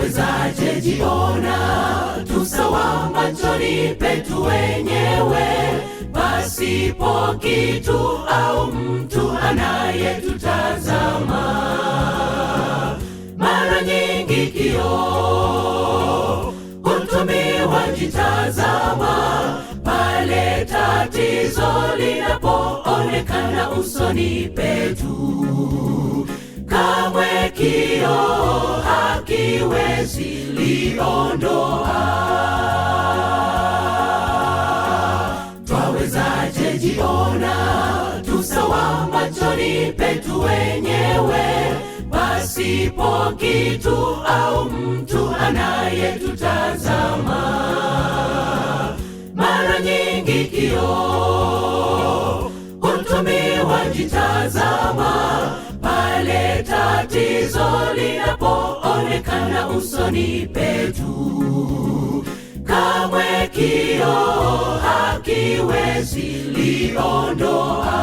Twawezaje jiona tusawa machoni petu wenyewe, pasipo kitu au mtu anayetutazama? Mara nyingi kio hutumiwa jitazama pale tatizo linapoonekana usoni petu, kamwe kio hakiwezi liondoa. Twawezaje jiona tusawa machoni petu wenyewe pasipo kitu au mtu anayetutazama? Mara nyingi kio hutumiwa jitazama pale tatizo linapoonekana usoni petu. Kamwe kioo hakiwezi liondoa.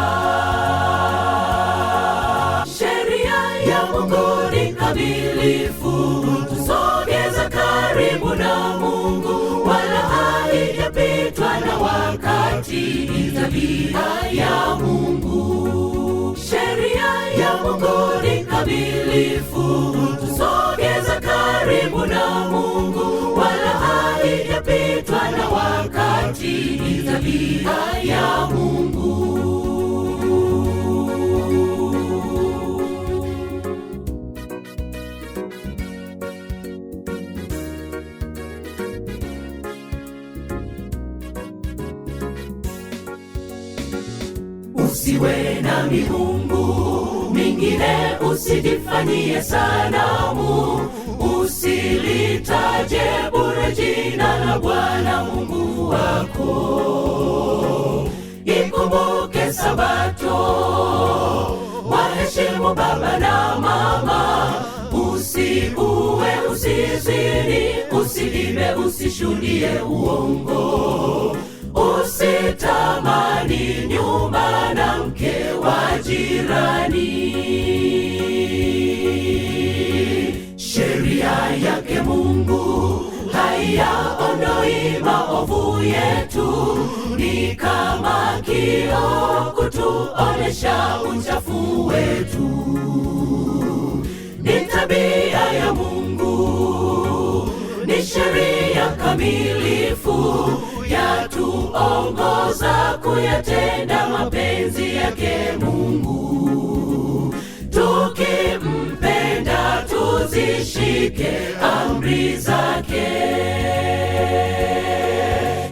Sheria ya Mungu ni kamilifu, tusogeza karibu na Mungu, wala haijapitwa na wakati. itabia ya ukamilifu, tusogeza karibu na Mungu, wala haijapitwa na wakati, ni tabia ya Mungu. Usiwe na miungu mingine usijifanyie sanamu, usilitaje bure jina la Bwana Mungu wako. Ikumbuke Sabato, waheshimu baba na mama, usikuwe usizini, usilime, usishuhudie uongo, usitamani nyumba na mke waji Mungu haiyaondoi maovu yetu, ni kama kio kutuonesha uchafu wetu. Ni tabia ya Mungu, ni sheria kamilifu, yatuongoza kuyatenda mapenzi yake Mungu. zishike amri zake.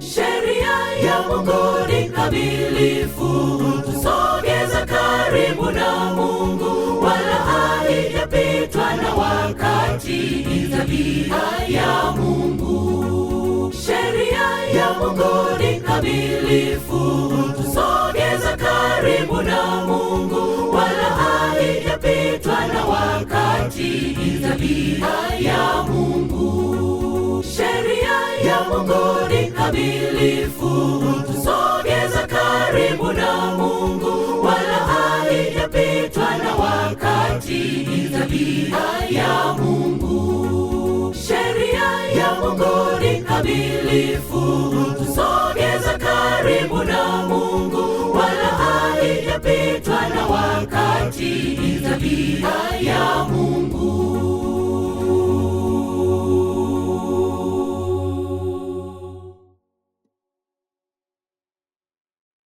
Sheria ya Mungu ni kamilifu, tusogeza karibu na Mungu, wala haijapitwa na wakati. Ni tabia ya Mungu, sheria ya Mungu ni kamilifu, tusogeza karibu na Mungu Torati ni ya Mungu, sheria ya Mungu ni kamilifu, tusogeza karibu na Mungu, wala haijapitwa na wakati. Ni tabia ya Mungu, sheria ya Mungu ni kamilifu, tusogeza karibu na Mungu, wala haijapitwa na wakati. Ni tabia ya